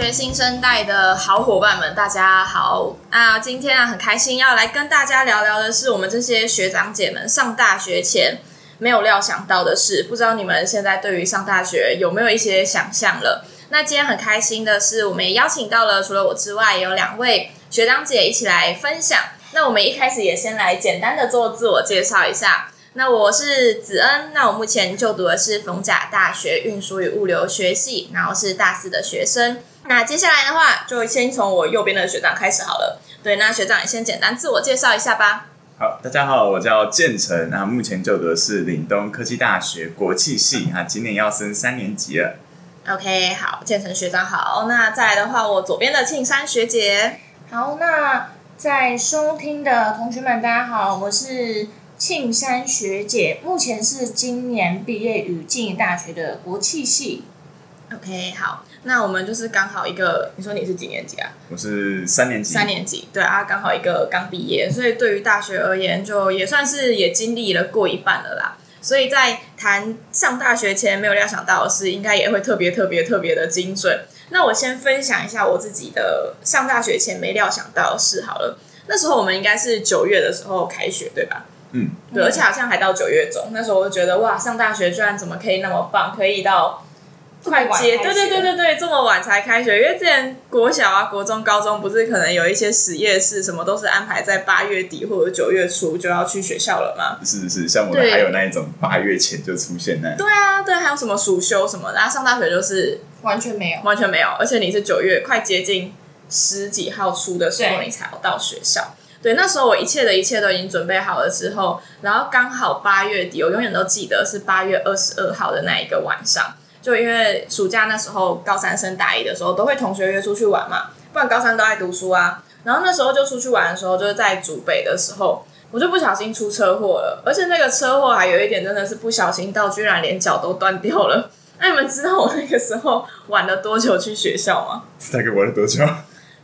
學新生代的好夥伴們，大家好！那、uh, 今天啊，很開心要來跟大家聊聊的是我們這些學長姐們上大學前沒有料想到的事。不知道你們現在對於上大學有沒有一些想象了？那今天很開心的是，我們也邀請到了除了我之外有兩位學長姐一起來分享。那我們一開始也先來簡單的做自我介紹一下。那我是子恩，那我目前就讀的是逢甲大學運輸與物流學系，然後是大四的學生。那接下來的話，就先從我右邊的學長開始好了。對，那學長也先簡單自我介紹一下吧。好，大家好，我叫建成，那、啊、目前就讀的是嶺東科技大學國際系，嗯、啊，今年要升三年級了。OK，好，建成學長好。那再來的話，我左邊的慶山學姐。好，那在收聽的同學們，大家好，我是慶山學姐，目前是今年畢業於靜宜大學的國際系。OK，好。那我們就是剛好一個，你說你是幾年級啊？我是三年級。三年級，對啊，剛好一個剛畢業，所以對於大學而言，就也算是也經歷了過一半了啦。所以在談上大學前沒有料想到的事，應該也會特別特別特別的精準。那我先分享一下我自己的上大學前沒料想到的事好了。那時候我們應該是九月的時候開學對吧？嗯，對，而且好像還到九月中。那時候我就覺得哇，上大學居然怎麼可以那麼棒，可以到。快接，對對對對對，這麼晚才開學，因為之前國小啊、國中、高中不是可能有一些實驗室什麼都是安排在八月底或者九月初就要去學校了嗎？是是是，像我們還有那一種對八月前就出現那。對啊，對，還有什麼暑休、什麼的，然、啊、後上大學就是完全沒有，完全沒有，而且你是九月快接近十幾號出的時候，對你才要到學校。對，那時候我一切的一切都已經準備好了之後，然後剛好八月底，我永遠都記得是八月二十二號的那一個晚上。就因為暑假那時候，高三升大一的時候，都會同學約出去玩嘛。不然高三都愛讀書啊。然後那時候就出去玩的時候，就是在祖北的時候，我就不小心出車禍了。而且那個車禍還有一點真的是不小心到，居然連腳都斷掉了。那你們知道我那個時候晚了多久去學校嗎？大概晚了多久？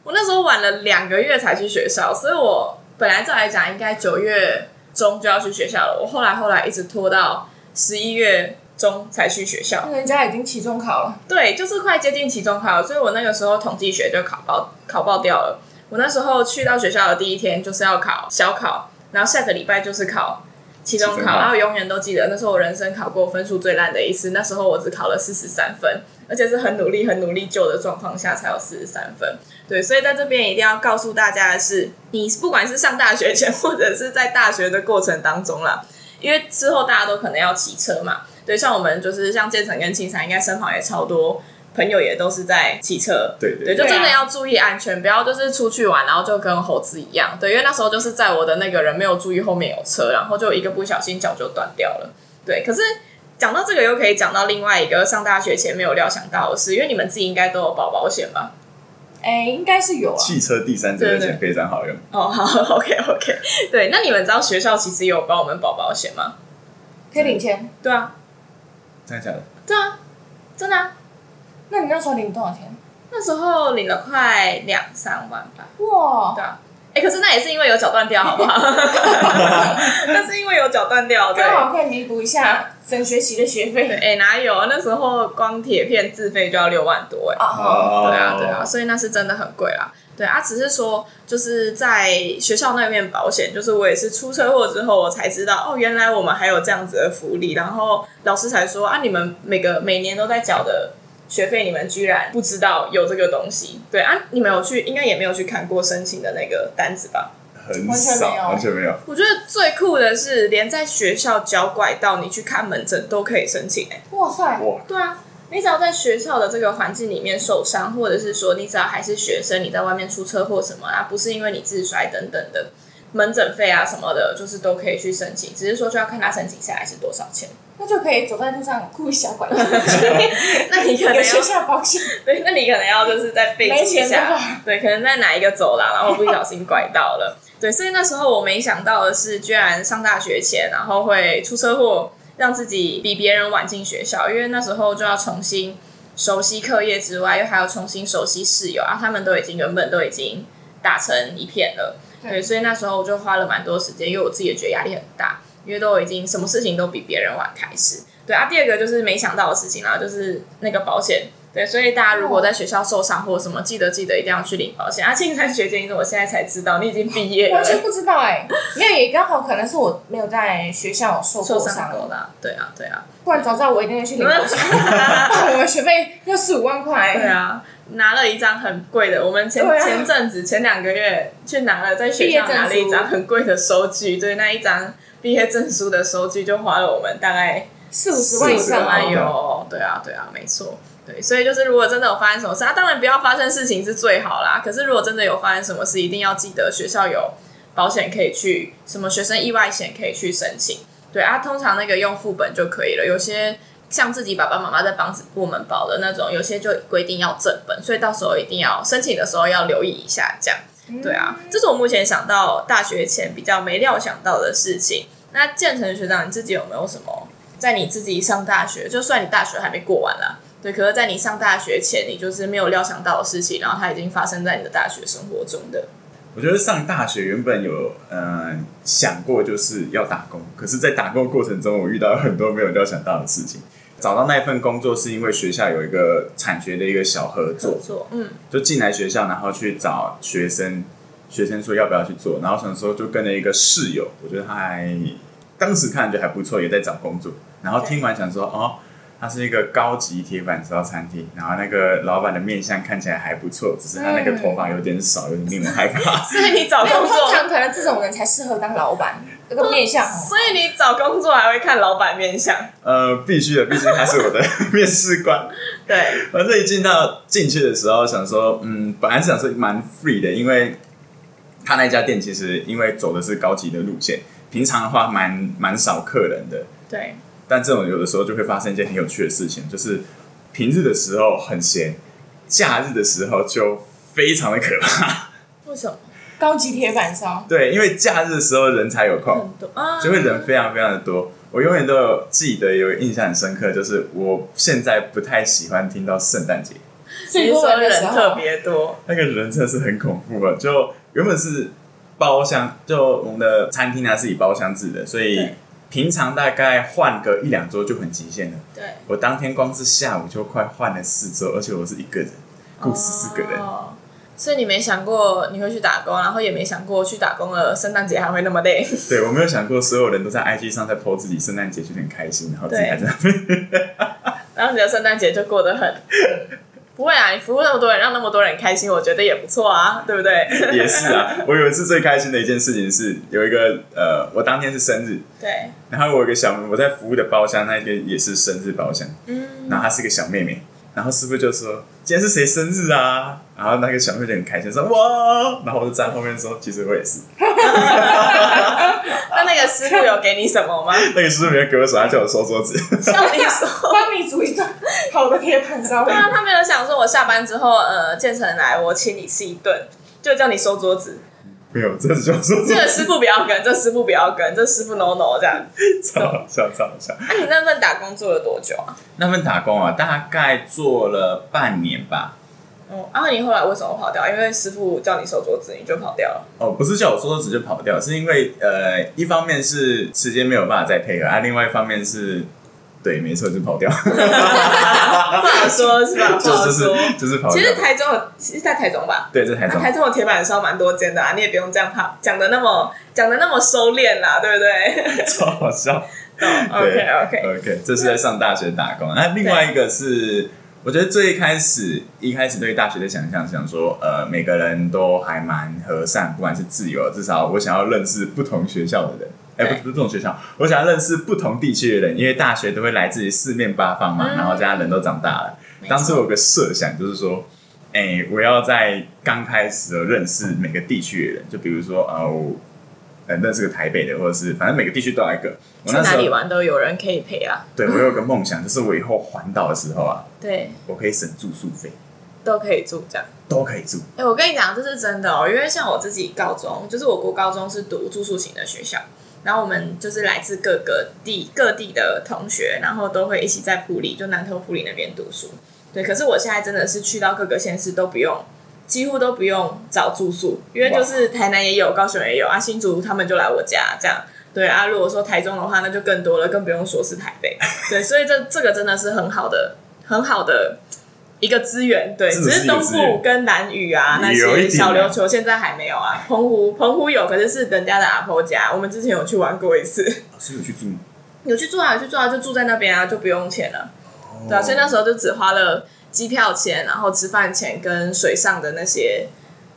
我那時候晚了兩個月才去學校，所以我本來上來講應該九月中就要去學校了。我後來後來一直拖到十一月中才去學校，那人家已經期中考了。對，就是快接近期中考了，所以我那個時候統計學就考爆，考爆掉了。我那時候去到學校的第一天就是要考小考，然後下個禮拜就是考期中考，期中考，然後永遠都記得那時候我人生考過分數最爛的一次，那時候我只考了四十三分，而且是很努力、很努力救的狀況下才有四十三分。對，所以在這邊一定要告訴大家的是，你不管是上大學前或者是在大學的過程當中啦，因為之後大家都可能要騎車嘛。對，像我們就是像建成跟青山，應該身旁也超多朋友，也都是在騎車。對對，對，對，就真的要注意安全，啊、不要就是出去玩，然後就跟猴子一樣。對，因為那時候就是在我的那個人沒有注意後面有車，然後就一個不小心腳就斷掉了。對，可是講到這個又可以講到另外一個上大學前沒有料想到的事，因為你們自己應該都有保保險吧？哎、欸，應該是有啊。汽車第三者保險非常好用。哦，好，OK OK。 對，那你們知道學校其實有幫我們保保險嗎？可以領錢。對啊。真的，假的？對啊，真的啊。那你那時候領多少錢？那時候領了快兩三萬吧。哇！對啊。哎、欸，可是那也是因為有腳斷掉，好不好？那是因為有腳斷掉，剛好可以彌補一下整學期的學費。哎、欸，哪有？那時候光鐵片自費就要六萬多哎、欸。哦啊啊！對啊，對啊，所以那是真的很貴啊。對啊，只是說就是在學校那邊保險，就是我也是出車禍之後我才知道哦，原來我們還有這樣子的福利，然後老師才說啊，你們每個每年都在繳的學費，你們居然不知道有這個東西。對啊，你們有去應該也沒有去看過申請的那個單子吧？很少，完全沒有。完全沒有，我覺得最酷的是，連在學校腳拐到你去看門診都可以申請哎、欸！哇塞，哇，對啊。你只要在學校的這個環境裡面受傷，或者是說你只要還是學生，你在外面出車禍什麼啊，不是因為你自摔等等的，門診費啊什麼的，就是都可以去申請。只是說就要看他申請下來是多少錢，那就可以走在路上哭一下，拐了。 那你可能要去 校保險，對，那你可能要就是在被子下，對，可能在哪一個走廊，然後不小心拐到了。有對，所以那時候我沒想到的是，居然上大學前，然後會出車禍。讓自己比別人晚進學校，因為那時候就要重新熟悉課業之外，又還要重新熟悉室友啊，他們都已經原本都已經打成一片了，對，所以那時候我就花了蠻多時間，因為我自己也覺得壓力很大，因為都已經什麼事情都比別人晚開始。對啊，第二個就是沒想到的事情啊，就是那個保險。對，所以大家如果在學校受傷或什麼，記得記得一定要去領保險。啊，青山學姐，因為我現在才知道你已經畢業了，完全不知道哎、欸，沒有，也剛好可能是我沒有在學校受受傷了。對啊，對啊，不然早知道我一定要去領保險。我們 學費要四五萬塊。對，對啊，拿了一張很貴的，我們前、啊、前陣子前兩個月去拿了，在學校拿了一張很貴的收據，對，那一張畢業證書的收據就花了我們大概四五十萬以上喲，對啊，對啊，沒錯，對，所以就是如果真的有發生什麼事，啊，當然不要發生事情是最好啦。可是如果真的有發生什麼事，一定要記得學校有保險可以去，什麼學生意外險可以去申請。對啊，通常那個用副本就可以了。有些像自己爸爸媽媽在幫子部門保的那種，有些就規定要正本，所以到時候一定要申請的時候要留意一下，這樣。對啊，嗯、這是我目前想到大學前比較沒料想到的事情。那建成學長，你自己有沒有什麼？在你自己上大學，就算你大學還沒過完啦，對。可是在你上大學前，你就是沒有料想到的事情，然後它已經發生在你的大學生活中的。我覺得上大學原本有嗯、呃、想過就是要打工，可是在打工過程中，我遇到很多沒有料想到的事情。找到那一份工作是因為學校有一個產學的一個小合作，合作，嗯，就進來學校，然後去找學生，學生說要不要去做，然後想說就跟了一個室友，我覺得他還。當時看就還不錯，也在找工作。然後聽完想說，哦，他是一個高級鐵板燒餐廳，然後那個老闆的面相看起來還不錯，只是他那個頭髮有點少，嗯、有點令我害怕是。所以你找工作沒有的這種人才適合當老闆，這、嗯、個面相。所以你找工作還會看老闆面相？呃，必須的，畢竟他是我的 面試官。對，我這一進到進去的時候，想說，嗯，本來是想說蠻 free 的，因為他那家店其實因為走的是高級的路線。平常的話蠻，蠻蠻少客人的。對。但這種有的時候就會發生一件很有趣的事情，就是平日的時候很閒，假日的時候就非常的可怕。為什麼？高級鐵板燒。對，因為假日的時候人才有空，啊、就會人非常非常的多。我永遠都有記得，有印象很深刻，就是我現在不太喜歡聽到聖誕節，所以說人特別多，嗯、那個人真的是很恐怖啊！就原本是。包廂就我們的餐廳啊，是以包廂制的，所以平常大概換個一兩桌就很極限了。對，我當天光是下午就快換了四桌，而且我是一個人，雇十四個人，哦，所以你沒想過你會去打工，然後也沒想過去打工了聖誕節還會那麼累。對，我沒有想過所有人都在 IG 上在 po 自己聖誕節就很開心，然後自己在那邊對 然後你的聖誕節就過得很。不會啊，你服務那麼多人，讓那麼多人開心，我覺得也不錯啊，對不對？也是啊，我有一次最開心的一件事情是，有一個呃，我當天是生日，對，然後我有一個小妹妹，我在服務的包廂那邊也是生日包廂，嗯，然後她是個小妹妹，然後師傅就說：“今天是誰生日啊？”然後那個小妹就很開心說哇，然後我就站後面說，其實我也是。 那那個師傅有給你什麼嗎？那個師傅沒有給我什麼，他叫我收桌子，你幫你收，你煮一頓好的鐵板燒。 對啊，他沒有想說，我下班之後呃，建成來我請你吃一頓，就叫你收桌子。沒有，這是叫收桌子。這個師傅不要跟，這個、師傅不要跟，這個、師傅 no no 這樣。超好笑超好笑！那、啊、你那份打工做了多久啊？那份打工啊，大概做了半年吧。然後你後來為什麼跑掉？因為師傅叫你收桌子，你就跑掉了。哦，不是叫我收桌子就跑掉，是因為呃，一方面是時間沒有辦法再配合，啊，另外一方面是對，沒錯就跑掉，不好說是吧？就是就是跑掉。其實台中有其實在台中吧？對，在台中。台中有鐵板燒蠻多間的啊，你也不用這樣怕，講的那麼講的那麼收斂啦，對不對？超好笑。OK OK OK，這是在上大學打工，那另外一個是。我覺得最一開始，一開始對大學的想象是想說，呃，每個人都還蠻和善，不管是自由，至少我想要認識不同學校的人，哎對、欸，不是不同學校，我想要認識不同地區的人，因為大學都會來自於四面八方嘛，嗯、然後家人都長大了，錯當時我有個設想就是說，哎、欸，我要在剛開始認識每個地區的人，就比如說哦。啊我嗯，那是個台北的，或者是反正每個地區都有一個。我去哪裡玩都有人可以陪啊。對，我有個夢想， 就是我以後環島的時候啊，對，我可以省住宿費，都可、都可以住，這樣都可以住。哎，我跟你講，這是真的哦、喔，因為像我自己高中，就是我國高中是讀住宿型的學校，然後我們就是來自各個地各地的同學，然後都會一起在埔里，就南投埔里那邊讀書。對，可是我現在真的是去到各個縣市都不用。幾乎都不用找住宿，因為就是台南也有，Wow. 高雄也有啊。新竹他們就來我家這樣，對啊。如果說台中的話，那就更多了，更不用說是台北。 對，所以這這個真的是很好的、很好的一個資源。對，是只是東部跟南嶼啊那些小琉球現在還沒有啊。有啊，澎湖，澎湖有，可是是人家的阿婆家。我們之前有去玩過一次，是有去住嗎？有去住啊，有去住啊，就住在那邊啊，就不用錢了。Oh. 對啊，所以那時候就只花了。機票錢，然後吃飯錢跟水上的那些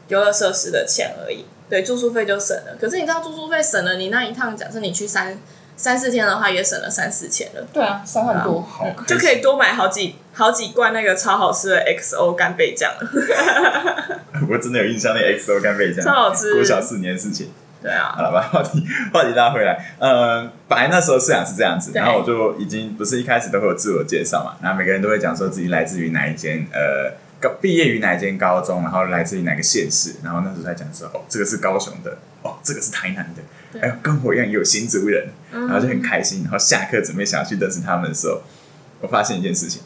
遊樂設施的錢而已。對，住宿費就省了。可是你知道住宿費省了，你那一趟假設你去三三四天的話，也省了三四千了。對啊，三萬多，就可以多買好幾好幾罐那個超好吃的 X O 干貝醬了。 我真的有印象那個 X O 干貝醬，超好吃，國小四年的事情。對啊，好了，把話題話題拉回來。呃，本來那時候設想是這樣子，對然後我就已經不是一開始都會有自我介紹嘛，然後每個人都會講說自己來自於哪一間，呃，高畢業於哪一間高中，然後來自於哪個縣市，然後那時候在講說哦，這個是高雄的，哦，這個是台南的，對哎，跟我一樣有新竹人，然後就很開心，然後下課準備想要去認識他們的時候，我發現一件事情，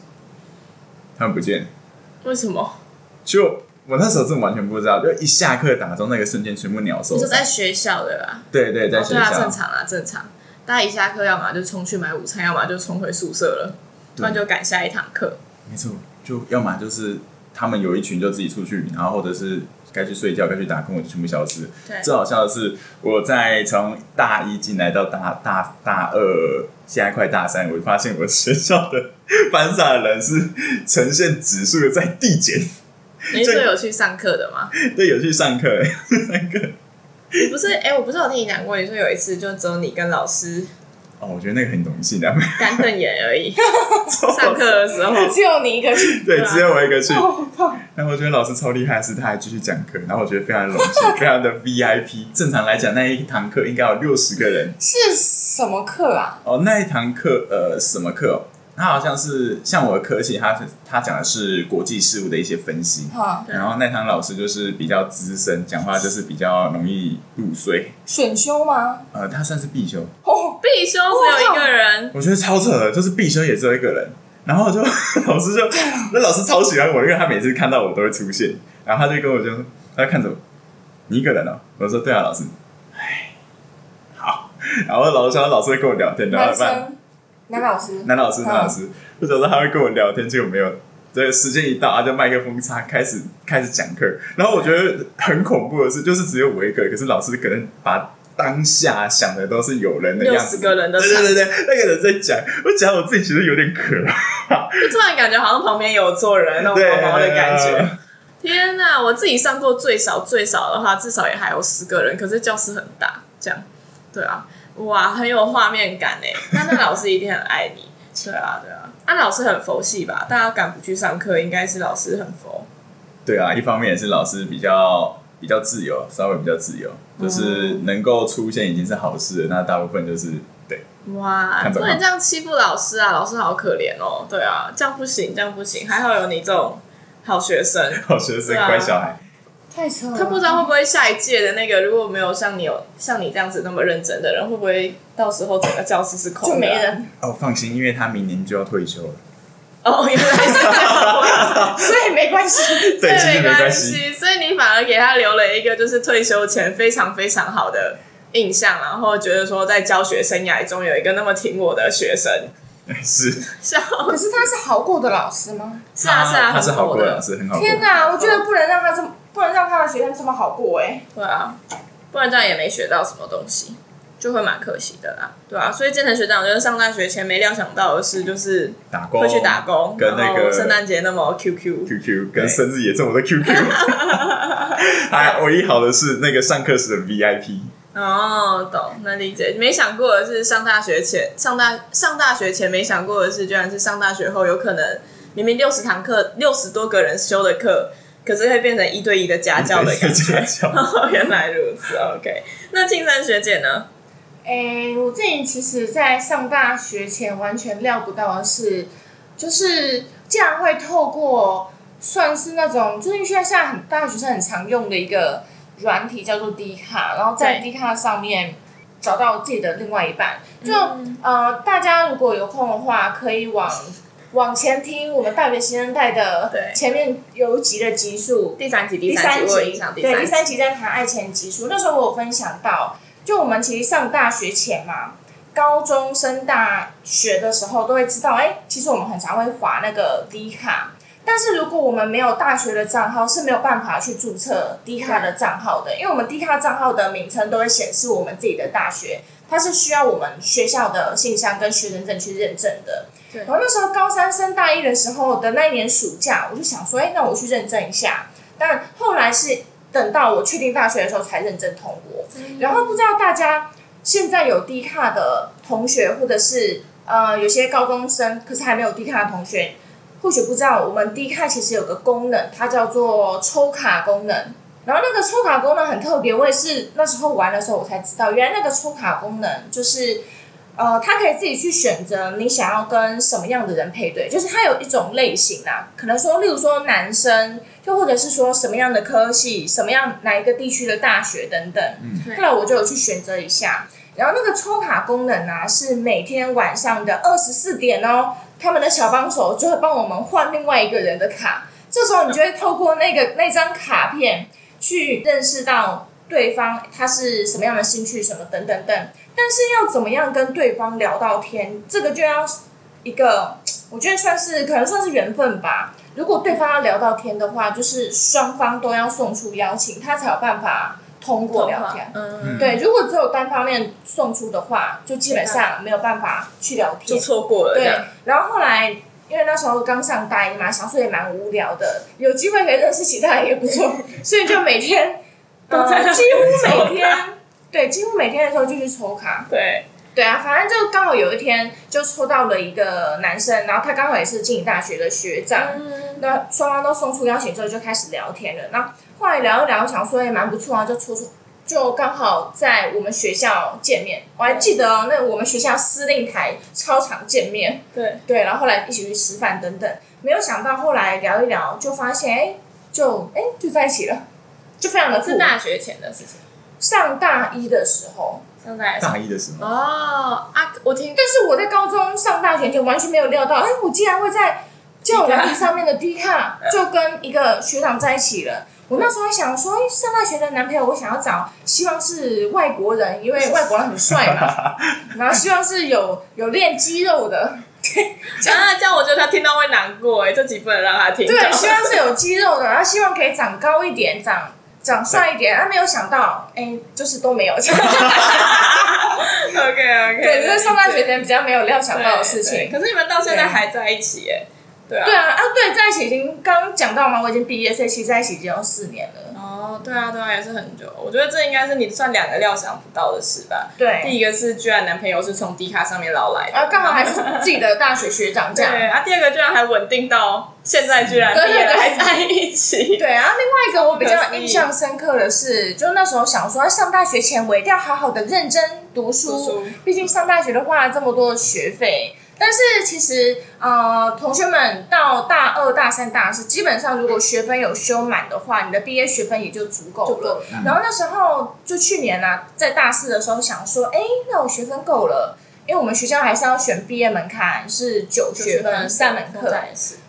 他們不見了，為什麼？就。我那時候是完全不知道，就一下課打鐘那個瞬間，全部鳥獸。你是在學校的啦？對,對對，在學校。正常啊，正常。大家一下課，要麼就衝去買午餐，要麼就衝回宿舍了，不然對就趕下一堂課。沒錯，就要麼就是他們有一群就自己出去，然後或者是該去睡覺、該去打工，就全部消失。對，最好笑的是，我在從大一進來到大大大二，現在快大三，我就發現我學校的班上的人是呈現指數的在遞減。你，你說有去上課的嗎？對，有去上課、欸。上課，你不是哎、欸？我不是有聽你講過？你說有一次就只有你跟老師。哦，我覺得那個很榮幸的。乾瞪眼而已， 上課的時候 只有你一個去。對，對啊、只有我一個去。後我，我覺得老師超厲害，是他還繼續講課。然後我覺得非常的榮幸，非常的 VIP。 正常來講，那一堂課應該有六十個人。是什麼課啊？哦，那一堂課，呃，什麼課、哦？他好像是像我的科系，他是他講的是國際事務的一些分析。然後那堂老師就是比較資深，講話就是比較容易入睡。選修嗎？呃，他算是必修。哦，必修只有一個人。哇我覺得超扯，就是必修也只有一個人。然後就呵呵老師就，那老師超喜歡我，因為他每次看到我都會出現。然後他就跟我說，他就看着我，你一個人哦。我說對啊，老師。好。然後老師說，老師會跟我聊天，聊一聊。男老師，男老師，男老師，有時候他會跟我聊天，結果沒有。對，時間一到啊，就麥克風插開始開始講課。然後我覺得很恐怖的是，就是只有我一個，可是老師可能把當下想的都是有人的樣子，十個人的，對對對對，那個人在講，我講我自己其實有點渴，就突然感覺好像旁邊有坐人那種毛毛的感覺。天哪，我自己上過最少最少的話，至少也還有十個人，可是教室很大，這樣對啊。哇，很有畫面感誒！那那老師一定很愛你。 對啊，對啊，那、啊、老師很佛系吧？大家敢不去上課，應該是老師很佛。對啊，一方面也是老師比較比較自由，稍微比較自由，嗯、就是能夠出現已經是好事了。那大部分就是對。哇！你怎麼這樣欺負老師啊？老師好可憐哦。對啊，這樣不行，這樣不行。還好有你這種好學生，好學生、啊、乖小孩。太扯了。他不知道會不會下一屆的那個，如果沒有像你有像你這樣子那麼認真的人，會不會到時候整個教室是空的？就沒人。哦，放心，因為他明年就要退休了。哦，原來是這樣，所以沒關係，對，沒關係。所以你反而給他留了一個就是退休前非常非常好的印象，然後覺得說在教學生涯中有一個那麼挺我的學生，是是。可是他是好過的老師嗎？是啊，是啊，他是好過的老師，很好。天啊，我覺得不能讓他這麼。不能讓他的學生這麼好過哎、欸。對啊，不然這樣也沒學到什麼東西，就會蠻可惜的啦，對啊，所以建成學長就是上大學前沒料想到的事就是打工，會去打工，跟那個聖誕節那麼 QQ QQ，跟生日也這麼多 QQ 對。還有唯一好的是那個上課時的 VIP。哦，懂，能理解。沒想過的是上大學前上大上大學前沒想過的是，居然是上大學後有可能明明六十堂課六十多個人修的課。可是會變成一對一的家教的一個學教， 原來如此。OK，那青山學姐呢？誒、欸，我自己其實，在上大學前完全料不到的是，就是竟然會透過算是那種最近現在現在很大學生很常用的一個軟體叫做 D 卡，然後在 D 卡上面找到自己的另外一半。就、嗯、呃，大家如果有空的話，可以往。往前聽，我們大學新生代的前面有幾的集數，第三集，第三集，對，第三集在談愛錢集數。那時候我有分享到，就我們其實上大學前嘛，高中升大學的時候都會知道，哎、欸，其實我們很常會滑那個 D 卡，但是如果我們沒有大學的賬號是沒有辦法去註冊 D 卡的賬號的，對因為我們 D 卡賬號的名稱都會顯示我們自己的大學，它是需要我們學校的信箱跟學生證去認證的。然後那時候高三升大一的時候的那一年暑假，我就想說，哎，那我去認證一下。但後來是等到我確定大學的時候才認證通過。嗯、然後不知道大家現在有 D 卡的同學，或者是呃有些高中生，可是還沒有 D 卡的同學，或許不知道，我們 D 卡其實有個功能，它叫做抽卡功能。然後那個抽卡功能很特別，我也是那時候玩的時候我才知道，原來那個抽卡功能就是。呃，他可以自己去選擇你想要跟什麼樣的人配對，就是他有一種類型啊，可能說，例如說男生，又或者是說什麼樣的科系、什麼樣哪一個地區的大學等等。後來我就有去選擇一下，然後那個抽卡功能呢、啊，是每天晚上的二十四點哦，他們的小幫手就會幫我們換另外一個人的卡，這時候你就會透過那個那張卡片去認識到。對方他是什麼樣的興趣什麼等等等，但是要怎麼樣跟對方聊到天，這個就要一個，我覺得算是可能算是緣分吧。如果對方要聊到天的話，就是雙方都要送出邀請，他才有辦法通過聊天。嗯，對。如果只有單方面送出的話，就基本上沒有辦法去聊天，就錯過了。對。樣然後後來因為那時候剛上大一嘛，想說也蠻無聊的，有機會可以認識其他人也不錯， 所以就每天。 呃、幾乎每天，抽卡，對，幾乎每天的時候就去抽卡。對，對啊，反正就剛好有一天就抽到了一個男生，然後他剛好也是經營大學的學長，嗯、那雙方都送出邀請之後就開始聊天了。那後，後來聊一聊，想說也蠻、欸、不錯啊，就抽出就剛好在我們學校見面。我還記得、哦、那我們學校司令台操場見面。對對，然後後來一起去吃飯等等，沒有想到後來聊一聊就發現，哎、欸，就哎、欸、就在一起了。就非常的是大學前的事情，上大一的時候，上大一，大一的時候哦啊，我聽，但是我在高中上大學就完全沒有料到，哎、欸，我竟然會在校園上面的 D 卡，卡就跟一個學長在一起了。對我那時候想說，哎，上大學的男朋友我想要找，希望是外國人，因為外國人很帥嘛， 然後希望是有有練肌肉的。 樣啊，這樣我覺得他聽到會難過、欸，哎，自己不能讓他聽到。對，希望是有肌肉的，然、啊、後希望可以長高一點，長。長帥一點，他對、啊、沒有想到，哎、欸，就是都沒有。哈哈哈哈 OK OK。對，這對是上大學前比較沒有料想到的事情。可是你們到現在還在一起？耶。對啊。對啊啊！對，在一起已經剛講到嘛，我已經畢業，所以其實在一起已經有四年了。對啊，對啊，也是很久。我覺得這應該是你算兩個料想不到的事吧？對，第一個是居然男朋友是從 D 卡上面撈來的，啊，剛好還是自己的大學學長這樣。 對，啊，第二個居然還穩定到現在，居然也還、嗯、在一起。對啊，另外一個我比較印象深刻的是，惜就那時候想說，要上大學前我一定要好好的認真讀書，書書畢竟上大學的話這麼多的學費。但是其實，呃，同學們到大二、大三、大四，基本上如果學分有修滿的話，你的畢業學分也就足夠了。嗯、然後那時候就去年呢、啊，在大四的時候想說，哎、欸，那我學分夠了，因為我們學校還是要選畢業門檻是九學分，九學分三門課。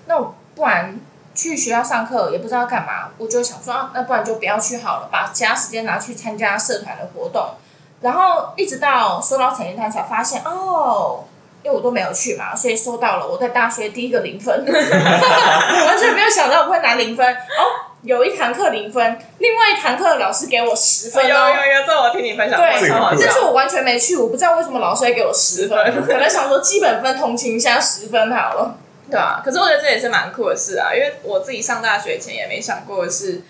那我不然去學校上課也不知道幹嘛，我就想說、啊，那不然就不要去好了，把其他時間拿去參加社團的活動。然後一直到說到成績單才發現，哦。因為我都沒有去嘛，所以收到了我在大學第一個零分， 我完全沒有想到我會拿零分哦。有一堂課零分，另外一堂課的老師給我十分、哦哦。有有有，這我聽你分享。對，這是我完全沒去，我不知道為什麼老師會給我十分。十分 可能想說，基本分同情一下十分好了。對啊，可是我覺得這也是蠻酷的事啊，因為我自己上大學前也沒想過是，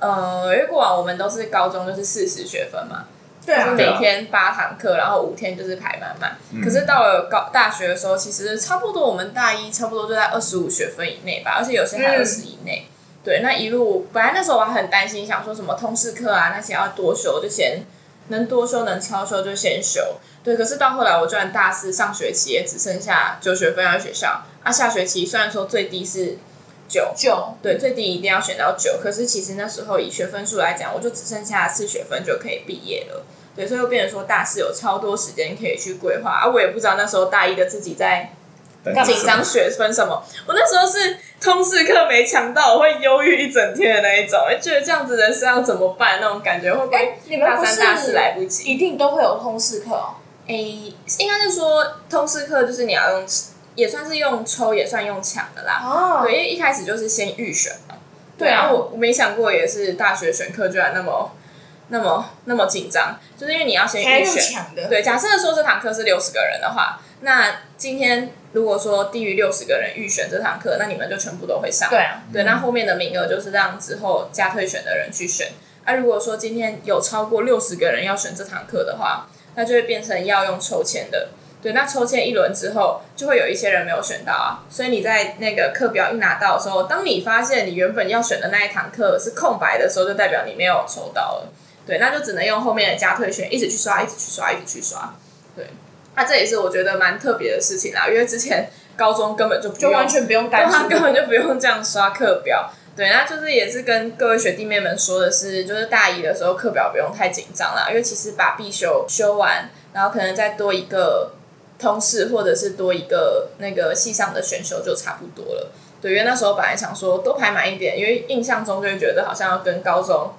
呃，因為過往我們都是高中就是四十學分嘛。對、啊、每天八堂課，然後五天就是排滿滿。嗯、可是到了高大學的時候，其實差不多，我們大一差不多就在二十五學分以內吧，而且有些還二十以內。嗯、對，那一路本來那時候我還很擔心，想說什麼通識課啊那些要多修，就先能多修能超修就先修。對，可是到後來，我居然大四上學期也只剩下九學分要在學校，啊，下學期雖然說最低是。九九，對，最低一定要選到九，可是其實那時候以學分數來講，我就只剩下四學分就可以畢業了。對，所以又變成說大四有超多時間可以去規劃啊！我也不知道那時候大一的自己在緊張學分什麼。什麼我那時候是通識課沒搶到，我會憂鬱一整天的那一種，哎、欸，覺得這樣子人生要怎麼辦那種感覺。會哎，你們大三大四來不及，okay, 不是，一定都會有通識課。哎、欸，應該是說通識課就是你要用。也算是用抽，也算用搶的啦。Oh. 對，因為一開始就是先預選嘛。對啊。我、啊、我沒想過，也是大學選課居然那麼、嗯、那麼、那麼緊張，就是因為你要先預選。對，假設說這堂課是六十個人的話，那今天如果說低於六十個人預選這堂課，那你們就全部都會上。對啊。對，嗯、那後面的名額就是讓之後加退選的人去選。那、啊、如果說今天有超過六十個人要選這堂課的話，那就會變成要用抽籤的。對，那抽籤一輪之後，就會有一些人沒有選到啊。所以你在那個課表一拿到的時候，當你發現你原本要選的那一堂課是空白的時候，就代表你沒有抽到了。對，那就只能用後面的加退選，一直去刷，一直去刷，一直去刷。對，那這也是我覺得蠻特別的事情啦，因為之前高中根本就不用，就完全不用擔心對， 根本就不用這樣刷課表。對，那就是也是跟各位學弟妹們說的是，就是大一的時候課表不用太緊張啦，因為其實把必修修完，然後可能再多一個。通識或者是多一個那個系上的選修就差不多了，對，因為那時候本來想說多排滿一點，因為印象中就會覺得好像要跟高中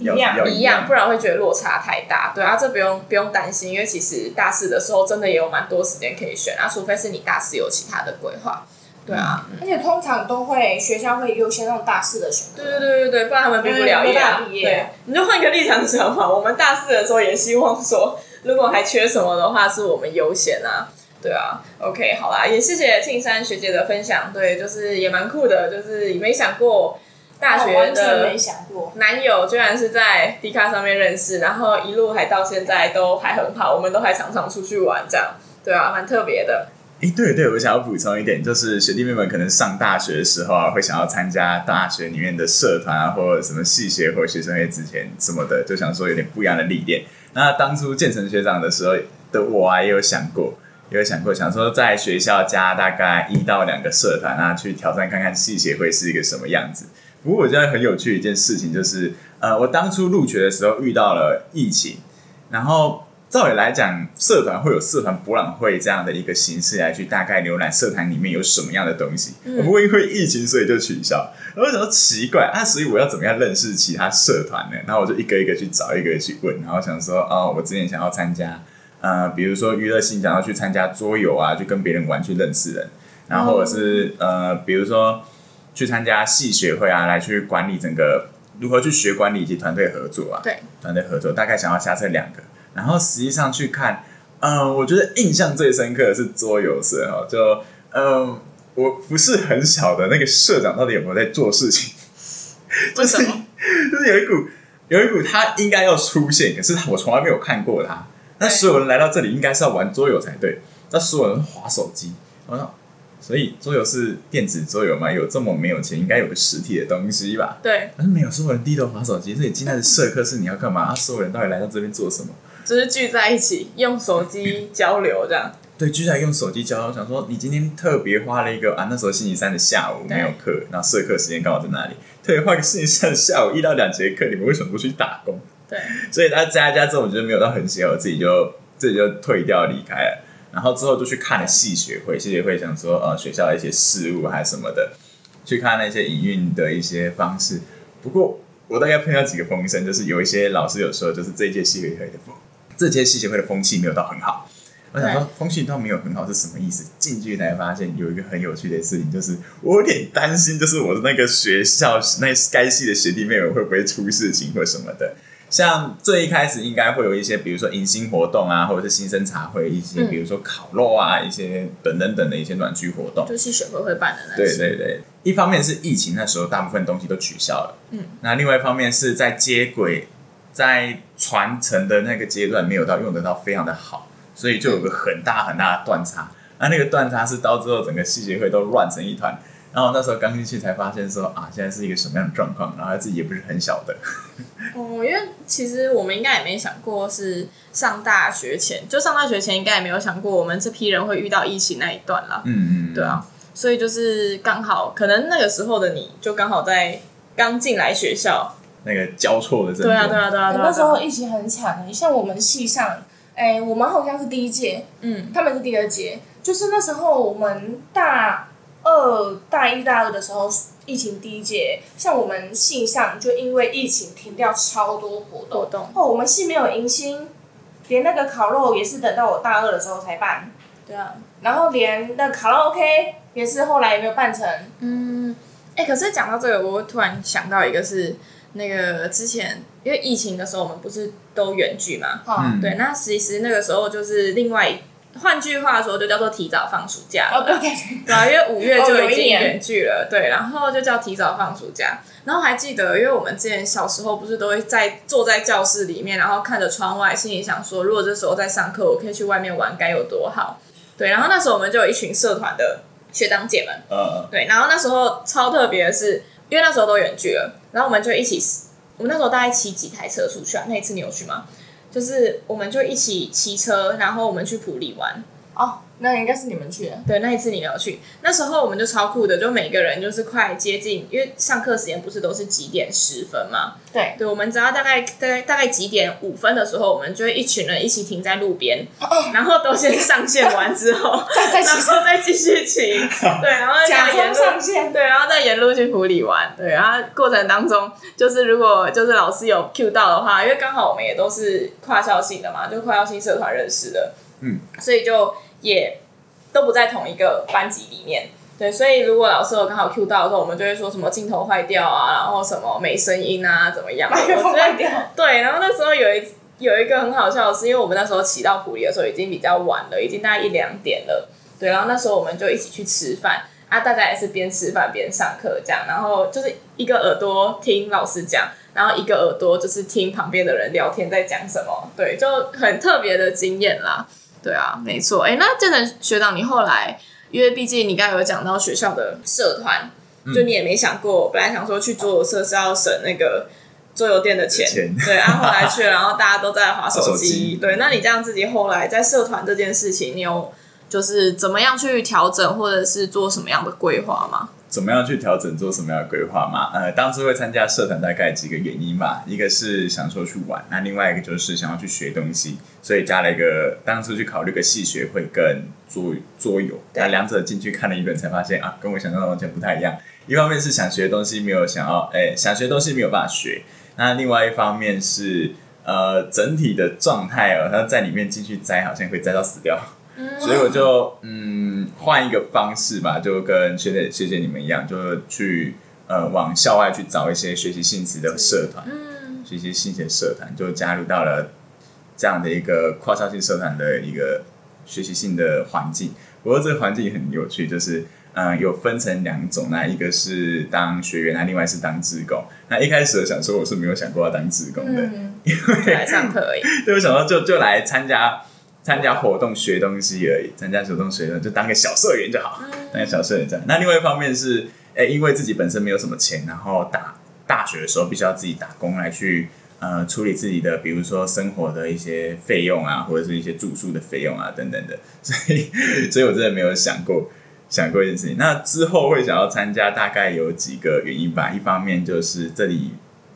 一樣一樣，一樣，不然會覺得落差太大。對啊，這不用不用擔心，因為其實大四的時候真的也有蠻多時間可以選啊，除非是你大四有其他的規劃，嗯、對啊。嗯、而且通常都會學校會優先讓大四的選，對對對對對，不然他們畢不了業、啊。對，你就換個立場想嘛，我們大四的時候也希望說。如果還缺什麼的話，是我們優先啊，對啊，OK，好啦，也謝謝慶山學姐的分享，對，就是也蠻酷的，就是沒想過大學的沒想過男友居然是在 D 卡上面認識，然後一路還到現在都還很好，我們都還常常出去玩，這樣，對啊，蠻特別的。哎、欸，對對，我想要補充一點，就是學弟妹們可能上大學的時候啊，會想要參加大學裡面的社團啊，或者什麼系學或者學生會之前什麼的，就想說有點不一樣的歷練。那當初建成學長的時候，的我、啊、也有想過，也有想過，想說在學校加大，大概一到兩個社團啊，去挑戰看看戲協會是一個什麼樣子。不過我覺得很有趣的一件事情就是，呃，我當初入學的時候遇到了疫情，然後。照理來講，社團會有社團博覽會這樣的一個形式來去大概瀏覽社團裡面有什麼樣的東西。不過、嗯、因為疫情，所以就取消。我想到奇怪啊，所以我要怎麼樣認識其他社團呢？然後我就一個一個去找，一個去問。然後想說，哦，我之前想要參加，呃、比如說娛樂性想要去參加桌遊啊，去跟別人玩去認識人。然後我是、嗯、呃，比如說去參加系學會啊，來去管理整個如何去學管理以及團隊合作啊。對，團隊合作大概想要下這兩個。然後實際上去看，嗯，我覺得印象最深刻的是桌遊社哈，就嗯，我不是很曉得那個社長到底有沒有在做事情，就是、為什麼？就是有一股有一股他應該要出現，可是我從來沒有看過他。那所有人來到這裡應該是要玩桌遊才對，那所有人滑手機，我說，所以桌遊是電子桌遊嗎？有這麼沒有錢，應該有個實體的東西吧？對。可是沒有，所有人低頭滑手機，所以今天的社課是你要幹嘛、啊？所有人到底來到這邊做什麼？就是聚在一起用手機交流這樣。對，聚在用手機交流，想說你今天特別花了一個啊，那時候星期三的下午沒有課，對然後社課時間剛好在哪裡，特別花個星期三下午一到兩節課，你們為什麼不去打工？對。所以他加一加之後，我覺得沒有到很閒，我自己就自己就退掉離開了。然後之後就去看了系學會，系學會想說呃學校的一些事務還什麼的，去看那些營運的一些方式。不過我大概碰到幾個風聲，就是有一些老師有說，就是這屆系學會的風。這些系學會的風氣沒有到很好，對我想說風氣倒沒有很好是什麼意思？進去才發現有一個很有趣的事情，就是我有點擔心，就是我的那個學校那該系的學弟妹們會不會出事情或什麼的。像最一開始應該會有一些，比如說迎新活動啊，或者是新生茶會，一些比如說烤肉啊，嗯、一些等等等的一些暖居活動，就是學會會辦的那些。對對對，一方面是疫情那時候大部分東西都取消了，嗯、那另外一方面是在接軌。在傳承的那個階段沒有到用得到非常的好，所以就有個很大很大的斷差。那、嗯啊、那個斷差是到之後整個系學會都亂成一團。然後那時候剛進去才發現說啊，現在是一個什麼樣的狀況，然後自己也不是很曉得。哦、嗯，因為其實我們應該也沒想過是上大學前，就上大學前應該也沒有想過我們這批人會遇到疫情那一段啦。嗯嗯，對啊，對，所以就是剛好，可能那個時候的你就剛好在剛進來學校那個交錯的陣列，對啊，對啊，對啊，對啊，對啊， 那時候疫情很慘的，你像我們系上，哎，我們好像是第一屆，嗯，他們是第二屆，就是那時候我們大二、大一、大二的時候，疫情第一屆、欸，嗯、像我們系上就因為疫情停掉超多活動後、嗯、我們系沒有迎新，連那個烤肉也是等到我大二的時候才辦，對啊，然後連那卡拉 OK 也是後來也沒有辦成，嗯，哎，可是講到這個，我突然想到一個是。那個之前，因為疫情的時候，我們不是都遠距嘛？嗯，對。那其實那個時候就是另外，換句話說，就叫做提早放暑假哦，oh, okay. 對對、啊，因為五月就已經遠距了。Oh, okay. 對，然後就叫提早放暑假。然後還記得，因為我們之前小時候不是都會在坐在教室裡面，然後看着窗外，心裡想說，如果這時候在上課，我可以去外面玩，該有多好？對。然後那時候我們就有一群社團的學長姐們。嗯、uh. 對，然後那時候超特別的是，因為那時候都遠距了。然後我們就一起，我們那時候大概騎幾台車出去啊？那一次你有去嗎？就是我們就一起騎車，然後我們去普利玩。哦，oh, 那應該是你們去的。對，那一次你沒有去，那時候我們就超酷的，就每個人就是快接近，因為上課時間不是都是幾點十分嘛。對，對，我們只要大概大概大概幾點五分的時候，我們就會一群人一起停在路邊，oh, oh. 然後都先上線完之後， 再，再然後再繼續騎。Oh. 對，然後再沿路，上線對，然後再沿路去湖裡玩。對，然後過程當中，就是如果就是老師有 cue 到的話，因為剛好我們也都是跨校性的嘛，就跨校性社團認識的。嗯，所以就也都不在同一個班級裡面，對，所以如果老師有剛好 Q 到的時候，我們就會說什麼鏡頭壞掉啊，然後什麼沒聲音啊，怎麼樣？鏡頭壞掉。對，然後那時候有一有一個很好笑的是，因為我們那時候起到普里的時候已經比較晚了，已經大概一兩點了，對，然後那時候我們就一起去吃飯啊，大家也是邊吃飯邊上課這樣，然後就是一個耳朵聽老師講，然後一個耳朵就是聽旁邊的人聊天在講什麼，對，就很特別的經驗啦。對啊，沒錯。哎，那這成學長，你後來因為畢竟你剛才有講到學校的社團，嗯、就你也沒想過，本來想說去桌遊社是要省那個桌遊店的錢，的錢對，然，啊、後來去了， 然後大家都在滑手機，手機對。那你這樣自己後來在社團這件事情，你有就是怎麼樣去調整，或者是做什麼樣的規劃嗎？怎麼樣去調整，做什麼樣的規劃嘛？呃，當初會參加社團大概幾個原因吧，一個是想說去玩，那另外一個就是想要去學東西，所以加了一個當初去考慮個戲學會跟桌桌遊，但兩者進去看了一遍才發現啊，跟我想象的完全不太一樣。一方面是想學東西沒有想要，哎，想學東西沒有辦法學，那另外一方面是呃整體的狀態哦，然後在裡面進去栽，好像會栽到死掉。嗯、所以我就嗯，換一個方式吧，就跟學姐、學姐你們一樣，就是去呃，往校外去找一些學習性質的社團，嗯、學習性質的社團就加入到了這樣的一個跨校性社團的一個學習性的環境。不過這個環境也很有趣，就是嗯、呃、有分成兩種啊，那一個是當學員啊，那另外是當職工。那一開始我想說我是沒有想過要當職工的，嗯、因為還算可以 對，我想說就就來參加。參加活動學東西而已，參加活動學東西就當個小社員就好，當個小社員這樣。那另外一方面是，欸，因為自己本身沒有什麼錢，然後大大學的時候必須要自己打工來去呃處理自己的，比如說生活的一些費用啊，或者是一些住宿的費用啊等等的。所以，所以我真的沒有想過想過這件事情。那之後會想要參加，大概有幾個原因吧。一方面就是這裡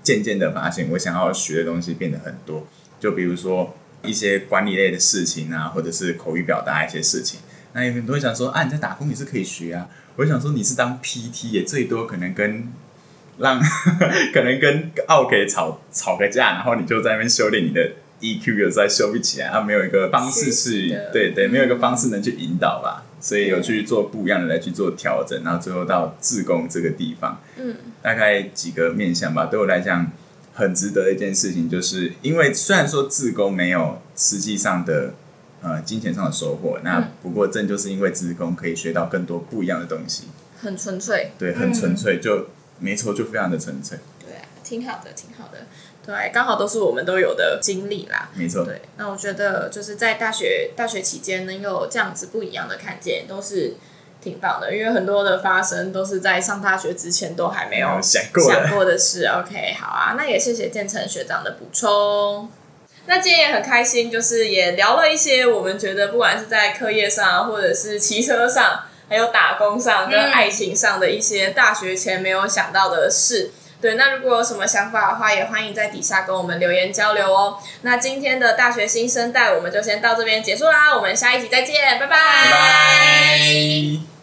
漸漸的發現，我想要學的東西變得很多，就比如說。一些管理類的事情啊，或者是口語表達一些事情，那有很多人想說啊，你在打工也是可以學啊。我想說，你是當 PT 也、欸、最多可能跟讓，讓可能跟奧可以吵吵個架，然後你就在那邊修煉你的 EQ，有時候還修不起來，它沒有一個方式是，對對，對，沒有一個方式能去引導吧。對所以有去做不一樣的來去做調整，然後最後到志工這個地方，嗯，大概幾個面向吧，對我來講。很值得的一件事情，就是因為雖然說志工沒有實際上的呃金錢上的收穫，那不過正就是因為志工可以學到更多不一樣的東西，嗯、很純粹，對，很純粹，嗯、就沒錯，就非常的純粹，對、啊，挺好的，挺好的，對，剛好都是我們都有的經歷啦，沒錯，對，那我覺得就是在大學大學期間能有這樣子不一樣的看見，都是。挺棒的，因為很多的發生都是在上大學之前都還沒有、嗯、想過的、想過的事。OK，好啊，那也謝謝建成學長的補充。那今天也很開心，就是也聊了一些我們覺得不管是在課業上、啊，或者是騎車上，還有打工上跟愛情上的一些大學前沒有想到的事。嗯對，那如果有什麼想法的話，也歡迎在底下跟我們留言交流哦。那今天的大學新生代，我們就先到這邊結束啦，我們下一集再見，拜拜。拜。